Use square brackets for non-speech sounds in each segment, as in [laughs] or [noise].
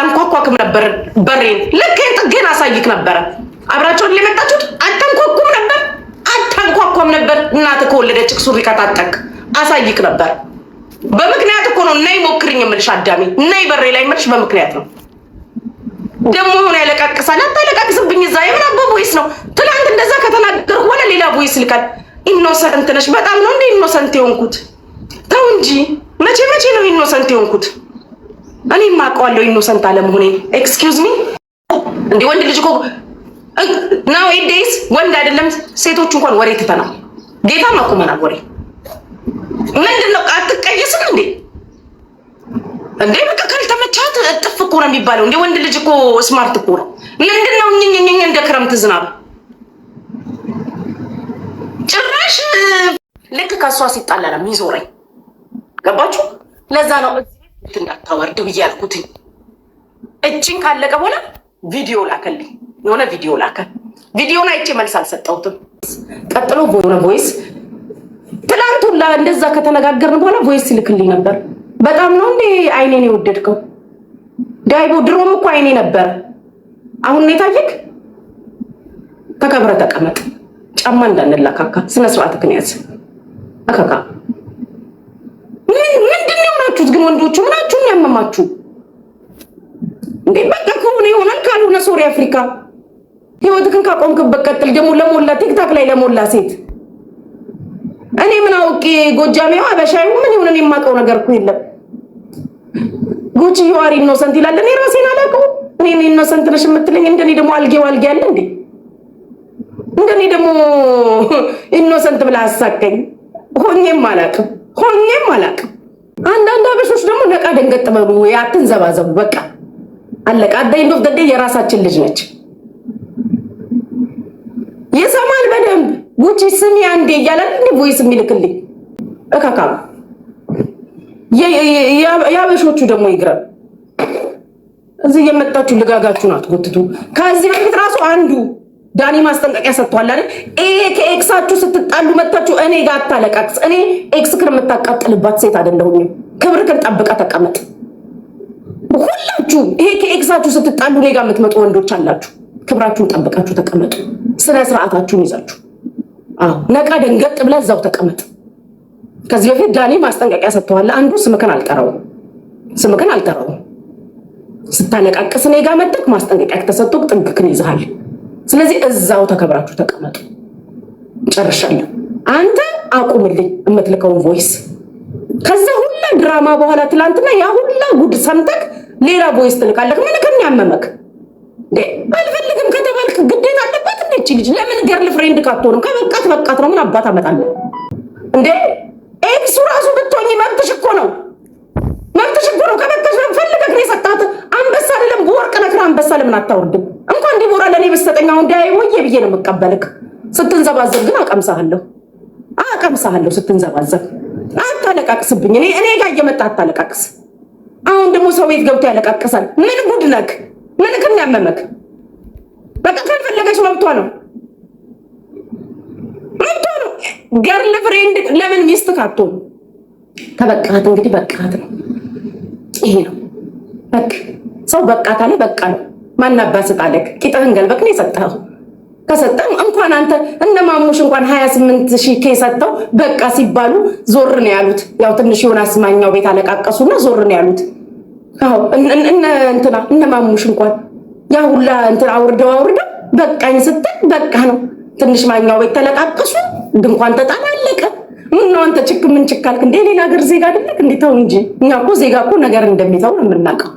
አላንኳኳክም ነበር በሬን። ልክ ጥጌን አሳይክ ነበረ። አብራቸውን ሊመጣችሁት አታንኳኩም ነበር፣ አታንኳኳም ነበር። እናትህ ከወለደች ሱሪ ከታጠቅ አሳይክ ነበር። በምክንያት እኮ ነው ነይ ሞክርኝ የምልሽ አዳሜ፣ ነይ በሬ ላይ የምልሽ በምክንያት ነው። ደግሞ የሆነ ያለቃቅሳል። አታለቃቅስብኝ። እዛ የምን አባ ቦይስ ነው? ትላንት እንደዛ ከተናገር ሆነ ሌላ ቦይስ ልካል። ኢኖሰንት ነሽ። በጣም ነው እንደ ኢኖሰንት የሆንኩት። ተው እንጂ መቼ መቼ ነው ኢኖሰንት የሆንኩት? እኔም አውቀዋለሁ ኢኖሰንት አለመሆኔን። ኤክስኪውዝ ሚ እንዴ ወንድ ልጅ እኮ ናው ኤዴይስ ወንድ አይደለም ሴቶች እንኳን ወሬ ትተናል። ጌታ ማቁመናል። ወሬ ምንድን ነው? አትቀየስም እንዴ እንዴ በቃ ካልተመቻት እጥፍ እኮ ነው የሚባለው። እንደ ወንድ ልጅ እኮ ስማርት እኮ ነው። ምንድን ነው እኝኝኝኝ እንደ ክረምት ዝናብ ጭራሽ ልክ ከእሷ ሲጣላ ነው የሚዞረኝ። ገባችሁ? ለዛ ነው እንዳታወርድ ብዬ አልኩትኝ። እጅን ካለቀ በኋላ ቪዲዮ ላከልኝ፣ የሆነ ቪዲዮ ላከ። ቪዲዮን አይቼ መልስ አልሰጠሁትም። ቀጥሎ የሆነ ቮይስ ትላንቱ እንደዛ ከተነጋገርን በኋላ ቮይስ ይልክልኝ ነበር። በጣም ነው እንዴ አይኔን የወደድከው ዳይቦ? ድሮም እኮ አይኔ ነበር። አሁን ነው የታየክ። ተከብረ ተቀመጥ፣ ጫማ እንዳንላካካ፣ ስነስርዓት ክንያዝ አካካ ያመማችሁት ግን ወንዶቹ ምናችሁን ያመማችሁ እንዴ? በቃ ከሆነ ይሆናል፣ ካልሆነ ሶሪ አፍሪካ ህይወትህን ካቆምክበት ቀጥል። ደግሞ ለሞላ ቲክታክ ላይ ለሞላ ሴት እኔ ምን አውቄ ጎጃሜዋ አበሻዩ ምን ይሁን እኔ የማውቀው ነገር እኮ የለም። ጉቺ ይዋሪ ኢኖሰንት ይላል። እኔ ራሴን አላውቀው። እኔ እኔ ኢኖሰንት ነሽ የምትለኝ እንደኔ ደግሞ አልጌ ዋልጌ አለ እንዴ? እንደኔ ደግሞ ኢኖሰንት ብላ አሳቀኝ። ሆኜም አላውቅም ሆኜም አላውቅም። አንዳንድ ጀለሶች ደግሞ ነቃ ደንገጥ በሉ፣ አትንዘባዘቡ። በቃ አለቃ። አዳይንዶ ደደ የራሳችን ልጅ ነች፣ ይሰማል በደንብ። ጉቺ ስሚ አንዴ እያለ ቮይስ የሚልክልኝ እካካ የአበሾቹ ደግሞ ይግረም። እዚህ የመጣችሁ ልጋጋችሁን አትጎትቱ። ከዚህ በፊት ራሱ አንዱ ዳኒ ማስጠንቀቂያ ሰጥቷል አይደል? ይሄ ከኤክሳችሁ ስትጣሉ መታችሁ እኔ ጋር አታለቃቅስ። እኔ ኤክስ ክር የምታቃጥልባት ሴት አይደለሁኝም። ክብር ግን ተቀመጥ። ሁላችሁ ይሄ ከኤክሳችሁ ስትጣሉ እኔ ጋ የምትመጡ ወንዶች አላችሁ። ክብራችሁን ጠብቃችሁ ተቀመጡ። ስነ ስርዓታችሁን ይዛችሁ ነቃ ደንገጥ ብለህ እዛው ተቀመጥ። ከዚህ በፊት ዳኒ ማስጠንቀቂያ ሰጥተዋል። አንዱ ስምክን አልጠራውም፣ ስምክን አልጠራውም። ስታነቃቅስ እኔ ጋ መጥተህ ማስጠንቀቂያ ተሰጥቶ ጥንቅክን ይዝሃል። ስለዚህ እዛው ተከብራችሁ ተቀመጡ። ጨርሻለሁ። አንተ አቁምልኝ የምትልከውን ቮይስ ከዛ ሁላ ድራማ በኋላ ትላንትና ያ ሁላ ጉድ ሰምተክ ሌላ ቦይስ ትልቃለክ። ምን ከም ያመመክ አልፈልግም ከተባልክ ግዴታ አለባት እንደች ልጅ ለምን ገርል ፍሬንድ ካትሆንም ከበቃት በቃት ነው። ምን አባት አመጣለ እንዴ? ኤክሱ ራሱ ብትሆኝ መብትሽ እኮ ነው፣ መብትሽ እኮ ነው። ከበቃሽ ፈልገክ ነው የሰጣት። አንበሳ አይደለም በወርቅ ነክር አንበሳ ለምን አታወርድም? እንኳን ዲቦራ ለእኔ በሰጠኝ አሁን ዳይ ወዬ ብዬ ነው የምቀበልክ። ስትንዘባዘብ ግን አቀምሳለሁ፣ አቀምሳለሁ ስትንዘባዘብ አታለቃቅስብኝ። እኔ እኔ ጋር እየመጣ አታለቃቅስ። አሁን ደግሞ ሰው ቤት ገብቶ ያለቃቅሳል። ምን ጉድ ነክ? ምን ክን ያመመክ? በቃ ካልፈለገች መብቷ ነው፣ መብቷ ነው። ገርል ፍሬንድ ለምን ሚስት ካቶ ተበቃት። እንግዲህ በቃት ነው፣ ይሄ ነው በቃ። ሰው በቃት በቃ ነው። ማናባ ስጣለክ ቂጥህን ገልበክ ነው የሰጠኸው ከሰጠም እንኳን አንተ እነ ማሙሽ እንኳን 28 ሺህ ኬ ሰጥተው በቃ ሲባሉ ዞር ነው ያሉት። ያው ትንሽ የሆነ አስማኛው ቤት አለቃቀሱና ዞር ነው ያሉት። አዎ እነ እንትና እነ ማሙሽ እንኳን ያ ሁላ እንትን አውርደው አውርደው በቃኝ ስትል በቃ ነው ትንሽ ማኛው ቤት ተለቃቀሱ፣ ድንኳን ተጣል፣ አለቀ። ነው አንተ ችክ ምን ችካልክ እንዴ? ሌላ ሀገር ዜጋ አይደለክ እንዴ? ተው እንጂ። እኛ እኮ ዜጋ እኮ ነገር እንደሚተው ነው የምናውቀው።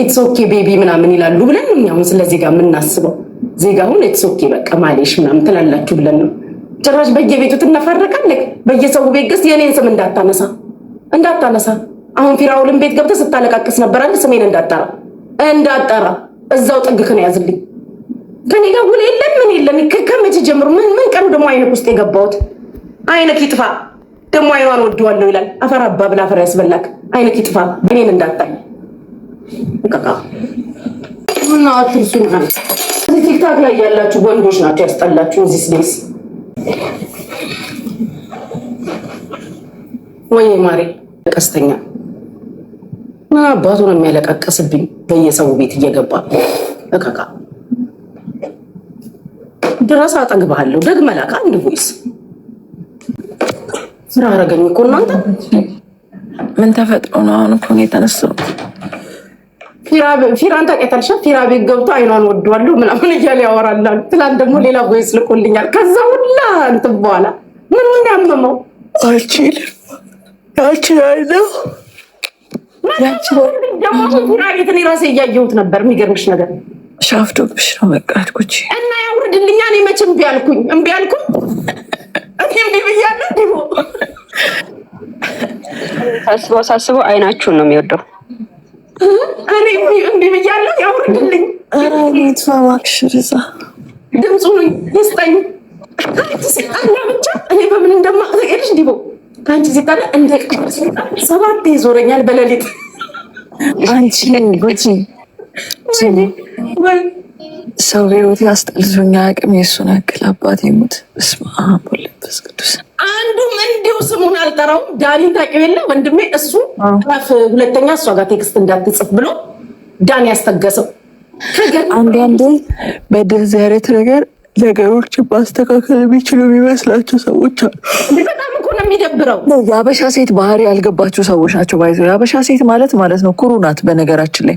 ኢትስ ኦኬ ቤቢ ምናምን ይላሉ ብለን እኛ ስለ ዜጋ የምናስበው ዜጋ ሁን የተሶኬ በቃ ማሌሽ ምናምን ትላላችሁ ብለን ነው። ጭራሽ በየቤቱ ትነፋረቃለህ። በየሰው ቤት ገስ የእኔን ስም እንዳታነሳ እንዳታነሳ። አሁን ፊራውልን ቤት ገብተህ ስታለቃቅስ ነበር አንድ ስሜን እንዳጠራ እንዳጠራ እዛው ጥግክን ነው ያዝልኝ። ከኔ ጋር ውል የለን ምን የለን። ከመቼ ጀምሮ ምን ምን ቀኑ ደግሞ አይነት ውስጥ የገባሁት አይነት ይጥፋ ደግሞ አይኗን ወደዋለሁ ይላል። አፈር አባ ብላ አፈር ያስበላክ አይነት ይጥፋ። በኔን እንዳጣኝ ቃቃ ና አትርሱን እዚህ ቲክታክ ላይ ያላችሁ ወንዶች ናቸው ያስጠላችሁ። እዚህ ስቤስ ወይ ማሬ ቀስተኛ ምን አባቱ ነው የሚያለቃቀስብኝ? በየሰው ቤት እየገባ እቃቃ ድረስ አጠግባለሁ። ደግመህ ላካ አንድ ቦይስ ስራ አረገኝ እኮ እናንተ ምን ተፈጥሮ ነው አሁን እኮ ነው ፊራን ታውቂያታለሽ? ፊራ ቤት ገብቶ አይኗን ወደዋለሁ ምናምን እያለ ያወራላሉ። ትላንት ደግሞ ሌላ ቮይስ ልኮልኛል። ከዛ ሁላ እንትን በኋላ ምን ምን ያመመው አልችልም አልችላለሁ ደግሞ ፊራ ቤት እኔ ራሴ እያየሁት ነበር። የሚገርምሽ ነገር ሻፍቶብሽ ነው መቃት ጉቺ እና ያውርድልኛ። እኔ መች እምቢ አልኩኝ እምቢ አልኩኝ። እኔ እምቢ ብያለሁ። እንዲሁ ሳስበው ሳስበው አይናችሁን ነው የሚወደው እኔ እንዲ ብያለሁ። ያውርድልኝ እባክሽ ርዛ ድምፁ ነኝ ስጠኝ ሲጣላ ብቻ እኔ በምን እንደማቅልሽ እንዲቦ ከአንቺ ሲጣላ እንደ ቀር ይዞረኛል በሌሊት አንቺ ጎጂ ሰው ህይወት ያስጠልዞኛ አቅም የሱን ያክል አባት ሙት ስማ ቦለበስ ቅዱስ አንድ እንዲሁ ስሙን አልጠራውም። ዳኒን ታውቂው የለ ወንድሜ፣ እሱ ራፍ ሁለተኛ እሷ ጋር ቴክስት እንዳትጽፍ ብሎ ዳኒ ያስተገሰው። አንዳንዴ በድር አይነት ነገር ነገሮች ማስተካከል የሚችሉ የሚመስላቸው ሰዎች አሉ። በጣም እኮ ነው የሚደብረው። የአበሻ ሴት ባህሪ ያልገባቸው ሰዎች ናቸው። ባይዘው የአበሻ ሴት ማለት ማለት ነው ኩሩ ናት በነገራችን ላይ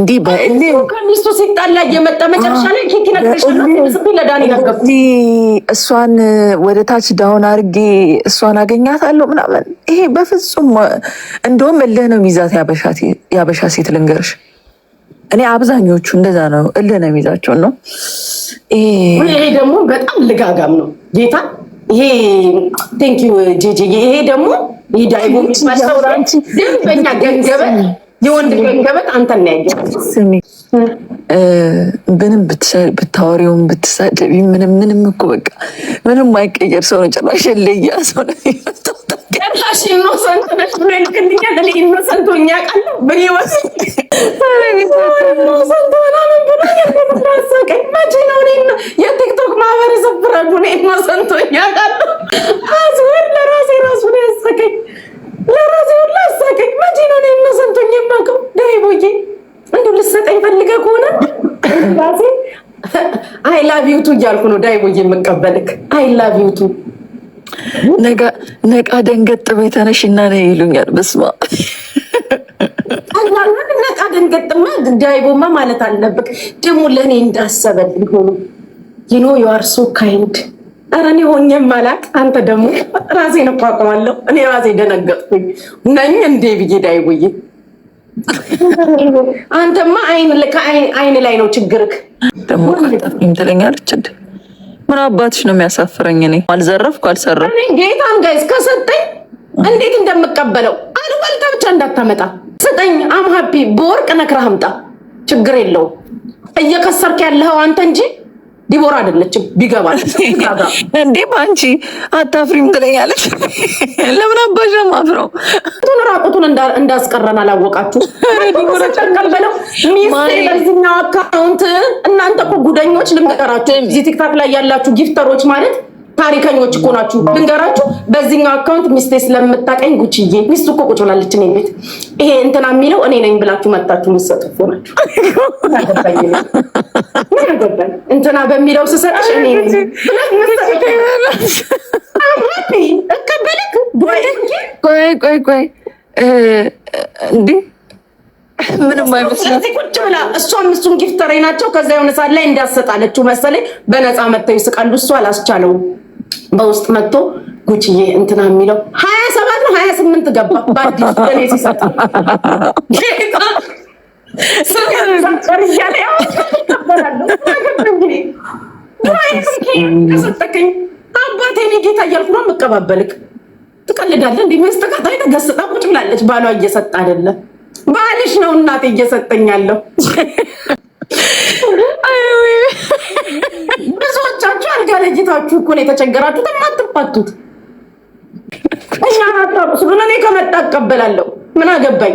እንዲህ ከሚስቱ ሲጣላ እየመጣ መጨረሻ ላይ ኬቲ ለዳኒ ነገርኩ። እሷን ወደ ታች ዳውን አድርጌ እሷን አገኛታለሁ ምናምን፣ ይሄ በፍጹም እንደውም እልህ ነው የሚይዛት ያበሻ ሴት ልንገርሽ። እኔ አብዛኞቹ እንደዛ ነው፣ እልህ ነው የሚይዛቸውን ነው። ይሄ ደግሞ በጣም ልጋጋም ነው ጌታ። ይሄ ቴንኪው ጄጄ። ይሄ ደግሞ ይዳይቦ ሚስማስተውራንቺ ደንበኛ ገንዘበ የወንድ ገበት ምንም ብታወሪውም ብትሳደቢ ምንም ምንም እኮ በቃ ምንም አይቀየር ሰው ነው። ጭራሽ ለያ ሰው ነው የቲክቶክ ማህበረሰብ ቃለ እያልኩ ነው ዳይቦ የምቀበልክ አይ ላቭ ዩ ቱ ነቃ ደንገጥ ቤት እና ነው ይሉኛል። በስማ ነቃ ደንገጥማ ዳይቦማ ማለት አለብክ። ደግሞ ለእኔ እንዳሰበልኝ ሆኑ ይኖ ዩአር ካይንድ ኧረ እኔ ሆኜም አላቅ። አንተ ደግሞ ራሴን እኮ እኔ ራሴ ደነገጥኩኝ ነኝ እንዴ ብዬ ዳይቦዬ አንተማ አይን ላይ ነው ችግርክ። ደግሞ ቀጠፍኝ ትለኛለች። ምን አባትሽ ነው የሚያሳፍረኝ? እኔ አልዘረፍኩ አልሰረፍኩ። ጌታን ጋይዝ ከሰጠኝ እንዴት እንደምቀበለው አልበልታ። ብቻ እንዳታመጣ ስጠኝ። አም ሀፒ በወርቅ ነክረህ አምጣ፣ ችግር የለውም። እየከሰርክ ያለኸው አንተ እንጂ ዲቦራ አይደለችም። ቢገባ እንዴ በአንቺ አታፍሪም ትለኛለች። ለምን አባሻ ማፍረው ቱን ራቁቱን እንዳስቀረን አላወቃችሁ በለው ሚስቴ። በዚህኛው አካውንት እናንተ እኮ ጉደኞች ልንገራችሁ፣ እዚህ ቲክታክ ላይ ያላችሁ ጊፍተሮች ማለት ታሪከኞች እኮ ናችሁ። ልንገራችሁ፣ በዚህኛው አካውንት ሚስቴ ስለምታቀኝ ጉችዬ፣ ሚስቱ እኮ ቁጭ ብላለች እኔ ቤት። ይሄ እንትና የሚለው እኔ ነኝ ብላችሁ መታችሁ ምሰጡ እኮ ናችሁ። [laughs] አልገባኝ። እንትና በሚለው ስሰጥሽ ቆይ ምንም አይመስላት ቁጭ ብላ እሷም እሱን ጊፍተሬ ናቸው። ከዛ የሆነ ሰዓት ላይ እንዳሰጣለችው መሰለኝ በነፃ መጥተው ይስቃሉ። እሱ አላስቻለውም። በውስጥ መጥቶ ጉጭዬ እንትና የሚለው ሀያ ሰባት ነው ሀያ ስምንት ገባ በአዲሱ ገኔ ሲሰጥ አባቴ ጌታ እያልኩ ነው የምቀባበልክ። ትቀልዳለህ እንደ መስተካታይ ተገስጣ ቁጭ ብላለች። ባሏ እየሰጠ አይደለም ባልሽ ነው እናቴ እየሰጠኝ ያለው። ብዙዎቻችሁ አልጋ ለይታችሁ እኮ ነው የተቸገራችሁት የማትፋቱት። እኛ ናታ ቁስሉን እኔ ከመጣ እቀበላለሁ። ምን አገባኝ?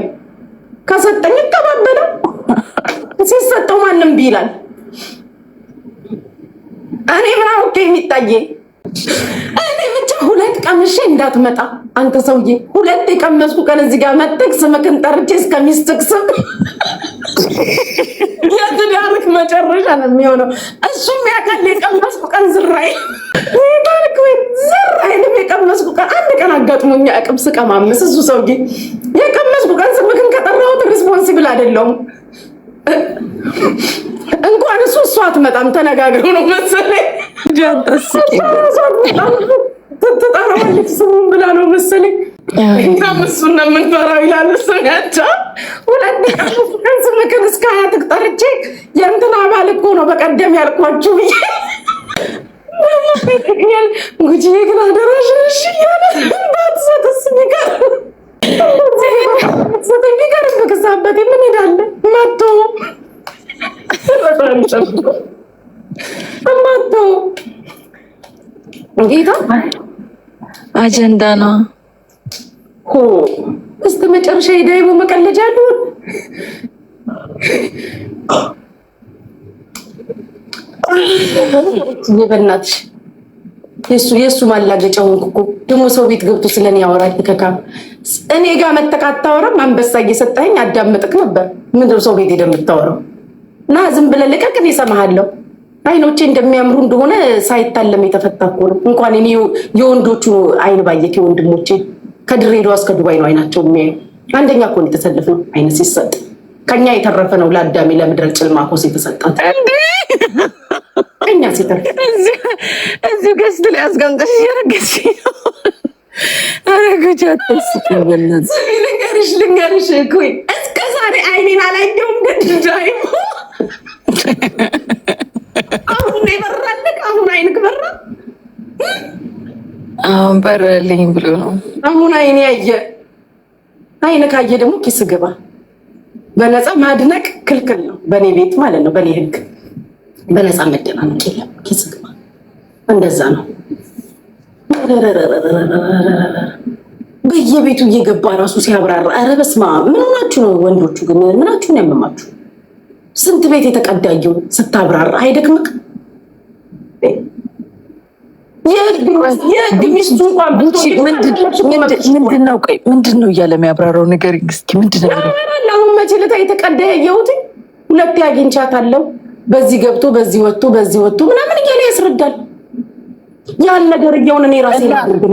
ከሰጠኝ ይቀባበላል። ሲሰጠው ማንም ቢላል እኔ ምናምን እኮ የሚታየ እኔ ብቻ ሁለት ቀምሼ እንዳትመጣ አንተ ሰውዬ፣ ሁለት የቀመስኩ ቀን እዚህ ጋር መጥተህ ስምክን ጠርቼ ስም የትዳርክ መጨረሻ ነው የሚሆነው። እሱም ያካል የቀመስኩ ቀን ዝራይ ታርክ ወይ ዝራይ ነው የቀመስኩ ቀን አንድ ቀን አጋጥሞኛ እቅም ስቀማምስ እሱ ሰውዬ የቀመስኩ ቀን ስምክን ከጠራሁት ሪስፖንሲብል አይደለውም። እንኳን እሱ እሷ አትመጣም። ተነጋግረው ነው መሰለኝ ጃንጣስ ትጠራዋለች ስሙን ብላ ነው መሰለኝ። እኛም እሱን ነው የምንፈራው ይላል። እሱናቸው ሁለት ቀንስ ምክር እስከ አያትቅ ጠርቼ የእንትና ባል እኮ ነው በቀደም ያልኳችሁ ብዬ ጉጂ ግን አደራሽ እሺ እያለ እንዳትሰጥ ስሚቀር ሰጠሚቀር ብክሳበት ምን ሄዳለ መቶ መቶ ጌታ አጀንዳ ነው። ሆ እስከ መጨረሻ የዳይቦ መቀለጃ አሉን። በእናትሽ የሱ የሱ ማላገጫው እኮ ደግሞ ሰው ቤት ገብቶ ስለኔ ያወራል። ከካ እኔ ጋር መተህ አታወራም። አንበሳ እየሰጠኸኝ አዳምጥክ ነበር። ምንድን ሰው ቤት ሄደህ የምታወራው? ና ዝም ብለህ ልቀቅ፣ እኔ እሰማሃለሁ። አይኖቼ እንደሚያምሩ እንደሆነ ሳይታለም የተፈታ እኮ ነው። እንኳን እኔ የወንዶቹ አይን ባየት የወንድሞቼ ከድሬዳዋ እስከ ዱባይ ነው አይናቸው የሚያዩ። አንደኛ እኮ ነው የተሰለፍነው። አይነ ሲሰጥ ከኛ የተረፈ ነው ለአዳሜ ለምድረ ጭልማኮስ የተሰጣት ከኛ ሲተርፍ እዚሁ ገስት ላይ አስቀምጠሽ እያረገሽ ልንገርሽ ልንገርሽ እኮ እስከ ዛሬ አይኔን አላየውም። ገድዳይሞ አሁን የበራልህ አሁን አይንክ በራ አሁን በራልኝ ብሎ ነው። አሁን አይን ያየ አይን ካየ ደግሞ ኪስ ግባ። በነፃ ማድነቅ ክልክል ነው፣ በእኔ ቤት ማለት ነው፣ በእኔ ህግ። በነፃ መደናነቅ የለም፣ ኪስ ግባ። እንደዛ ነው። በየቤቱ እየገባ ራሱ ሲያብራራ፣ ኧረ በስመ አብ! ምን ሆናችሁ ነው ወንዶቹ ግን? ምናችሁን ያመማችሁ ስንት ቤት የተቀዳየው ስታብራራ አይደክምክ? ምንድን ነው እያለ የሚያብራራው ነገር እስኪ ምንድን ነው? አሁን መቼ ዕለት የተቀዳ ያየሁት ሁለቴ አግኝቻታለሁ። በዚህ ገብቶ በዚህ ወጥቶ በዚህ ወጥቶ ምናምን እያለ ያስረዳል። ያን ነገር እየሆነ እኔ ራሴ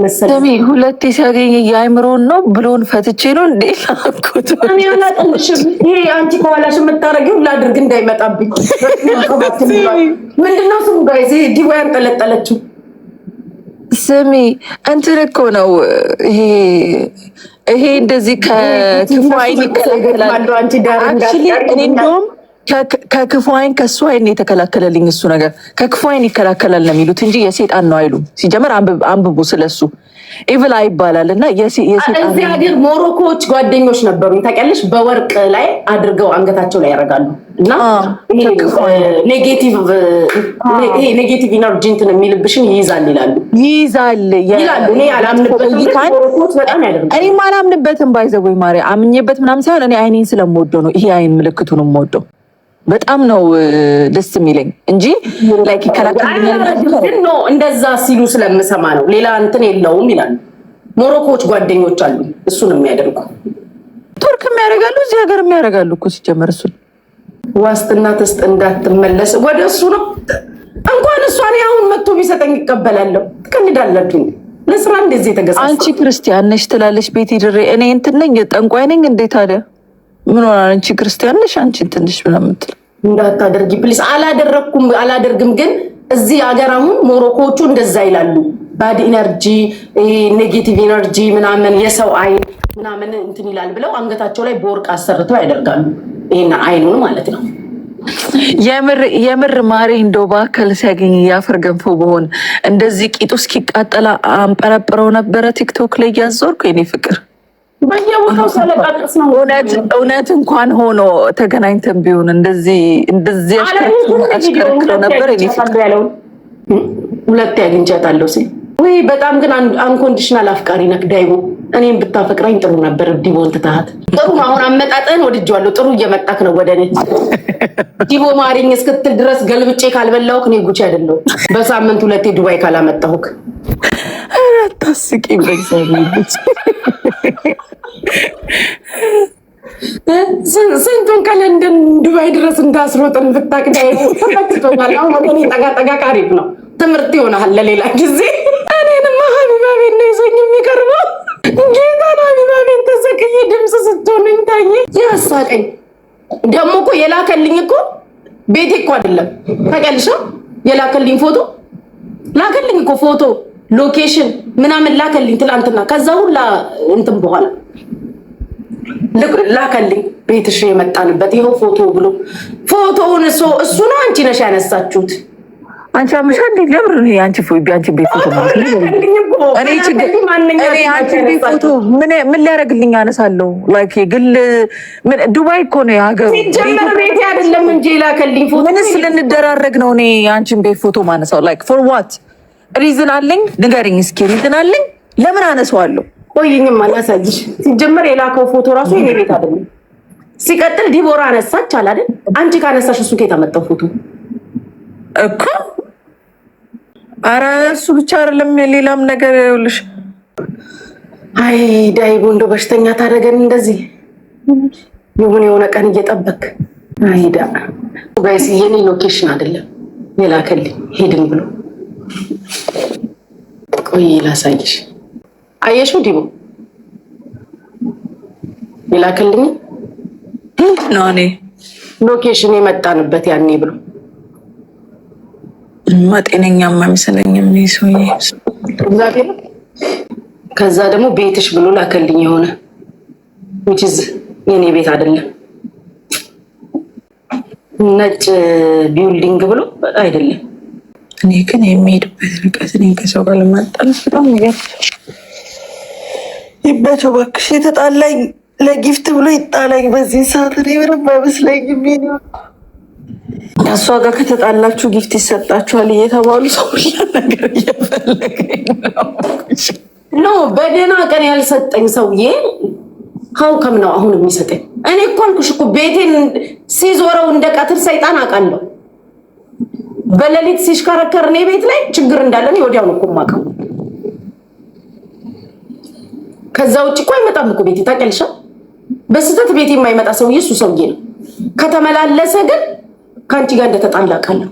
መሰለኝ ሁለቴ ሲያገኝ የአይምሮን ነው ብሎን ፈትቼ ነው እንዴ ላኩት። እኔ አላጠልሽም። ይሄ አንቺ ከኋላሽ የምታደርጊው ላድርግ እንዳይመጣብኝ ምንድነው ስሙ ጋ ዜ ዲቦ ያንጠለጠለችው ስሚ እንትን እኮ ነው ይሄ ይሄ እንደዚህ ከክፉ አይን ይከላከላል። እኔ እንደውም ከክፉ አይን ከሱ አይን የተከላከለልኝ እሱ ነገር ከክፉ አይን ይከላከላል ነው የሚሉት እንጂ የሴጣን ነው አይሉ። ሲጀመር አንብቡ ስለሱ ኢቭል ይባላል እና እዚህ ሀገር ሞሮኮዎች ጓደኞች ነበሩ ታውቂያለሽ። በወርቅ ላይ አድርገው አንገታቸው ላይ ያደርጋሉ እና ኔጌቲቭ ኢነርጂ የሚልብሽን ይይዛል ይላሉ ይይዛል ይላሉ። እኔ አላምንበትም። ባይዘወይ ማሪ አምኜበት ምናምን ሳይሆን እኔ አይኔን ስለምወደው ነው። ይሄ አይን ምልክቱን የምወደው በጣም ነው ደስ የሚለኝ እንጂ ላይክ ይከላከልኛል። እንደዛ ሲሉ ስለምሰማ ነው። ሌላ እንትን የለውም ይላሉ። ሞሮኮዎች ጓደኞች አሉ እሱን የሚያደርጉ ቱርክ የሚያደርጋሉ፣ እዚህ ሀገር የሚያደርጋሉ እኮ ሲጀመር እሱን ዋስትና ትስጥ እንዳትመለስ ወደ እሱ ነው። እንኳን እሷን አሁን መጥቶ ቢሰጠኝ ይቀበላለሁ። ትቀልዳላችሁ። ለስራ እንደዚህ የተገዛ አንቺ ክርስቲያን ነሽ ትላለች ቤት ድሬ። እኔ እንትን ነኝ ጠንቋይ ነኝ እንዴት አለ ምን ሆና አንቺ ክርስቲያን ነሽ አንቺ ትንሽ ምናምን እንዳታደርጊ ፕሊስ። አላደረግኩም አላደርግም፣ ግን እዚህ ሀገር አሁን ሞሮኮቹ እንደዛ ይላሉ። ባድ ኢነርጂ፣ ኔጌቲቭ ኢነርጂ ምናምን የሰው አይን ምናምን እንትን ይላል ብለው አንገታቸው ላይ በወርቅ አሰርተው ያደርጋሉ። ይሄን አይኑን ማለት ነው። የምር ማሪ እንደው ባከል ሲያገኝ የአፈር ገንፎ በሆን እንደዚህ ቂጡ እስኪቃጠላ አንጠረጥረው ነበረ ቲክቶክ ላይ እያዞርኩ የኔ ፍቅር በየቦታው ሳለቃቅስ ነው። እውነት እንኳን ሆኖ ተገናኝተን ቢሆን እንደዚህ እንደዚህ አሽከርክረው ነበር። ሁለቴ አግኝቻታለሁ ሲል ወይ በጣም ግን አንኮንዲሽናል አፍቃሪ ነክ ዳይቦ እኔም ብታፈቅራኝ ጥሩ ነበር። ዲቦን ትታት ጥሩ አሁን አመጣጠን ወድጄዋለሁ። ጥሩ እየመጣክ ነው ወደ እኔ ዲቦ ማሪኝ እስክትል ድረስ ገልብጬ ካልበላሁክ እኔ ጉቺ አይደለሁ። በሳምንት ሁለቴ ዱባይ ካላመጣሁክ አታስቂኝ። በእግዚአብሔር ስንቱን ከለንደን ዱባይ ድረስ እንዳስሮጥን ብታቅ ተመችቶኛል። አሁን ወደ እኔ ጠጋጠጋ ቃሪብ ነው፣ ትምህርት ይሆናል ለሌላ ጊዜ። እኔንማ ሀቢባ ቤት ነው ይዞኝ የሚቀርበው ጌታን። ሀቢባ ቤት ተሰቅዬ ድምፅ ስትሆኑኝ ታየ ያሳቀኝ። ደግሞ እኮ የላከልኝ እኮ ቤቴ እኮ አይደለም ተቀልሻ የላከልኝ ፎቶ ላከልኝ እኮ ፎቶ ሎኬሽን ምናምን ላከልኝ ትላንትና። ከዛ ሁላ እንትን በኋላ ላከልኝ ቤትሽ የመጣንበት ይኸው ፎቶ ብሎ ፎቶውን እሱ እሱ ነው አንቺ ነሽ ያነሳችሁት። አንቺ አምሻ እንዴ ለምር ነው የአንቺ አንቺ ቤት ፎቶ ፎቶ ምን ሊያደርግልኝ አነሳለሁ? ላይክ የግል ዱባይ እኮ ነው የሀገሩ ሲጀመር ቤቴ አይደለም እንጂ ላከልኝ ፎቶ። ምንስ ልንደራረግ ነው? እኔ የአንቺን ቤት ፎቶ ማነሳው ላይክ ፎር ዋት ሪዝን አለኝ፣ ንገርኝ እስኪ። ሪዝን አለኝ። ለምን አነሳዋለሁ? ቆይኝም አላሳይሽ። ሲጀመር የላከው ፎቶ ራሱ የኔ ቤት አይደለም። ሲቀጥል ዲቦራ አነሳች አላደል? አንቺ ካነሳሽ እሱ ከየት አመጣው ፎቶ እኮ? አረ እሱ ብቻ አይደለም ሌላም ነገር ይኸውልሽ። አይ ዳይቦ እንደው በሽተኛ ታደረገን እንደዚህ ይሁን የሆነ ቀን እየጠበክ አይዳ ጋይስ፣ የኔ ሎኬሽን አይደለም የላከልኝ ሄድን ብሎ ቆይ ላሳይሽ። አየሽው? ዲቦ የላክልኝ ሎኬሽን የመጣንበት ያኔ ብሎ እማ ሰውዬ። እግዚአብሔር ከዛ ደግሞ ቤትሽ ብሎ ላከልኝ የሆነ ውችዝ የኔ ቤት አይደለም ነጭ ቢውልዲንግ ብሎ አይደለም እኔ ግን የሚሄድበት ርቀት እኔ ከሰው ጋር ለማጣላት በጣም ነገር ይበቸው እባክሽ። የተጣላኝ ለጊፍት ብሎ ይጣላኝ በዚህ ሰዓት እኔ ምንም አይመስለኝ። እሷ ጋር ከተጣላችሁ ጊፍት ይሰጣችኋል እየተባሉ ሰው ነገር እየፈለገኝ ኖ በደህና ቀን ያልሰጠኝ ሰውዬ ሀውከም ነው አሁን የሚሰጠኝ። እኔ እኮ አልኩሽ እኮ ቤቴን ሲዞረው እንደ ቀትር ሰይጣን አውቃለሁ። በሌሊት ሲሽከረከር እኔ ቤት ላይ ችግር እንዳለን ወዲያው ነው እኮ የማውቀው። ከዛ ውጭ እኮ አይመጣም እኮ ቤቴ ታውቂያለሽ። በስህተት ቤቴ የማይመጣ ሰውዬ እሱ ሰውዬ ነው። ከተመላለሰ ግን ከአንቺ ጋር እንደተጣላ አውቃለሁ።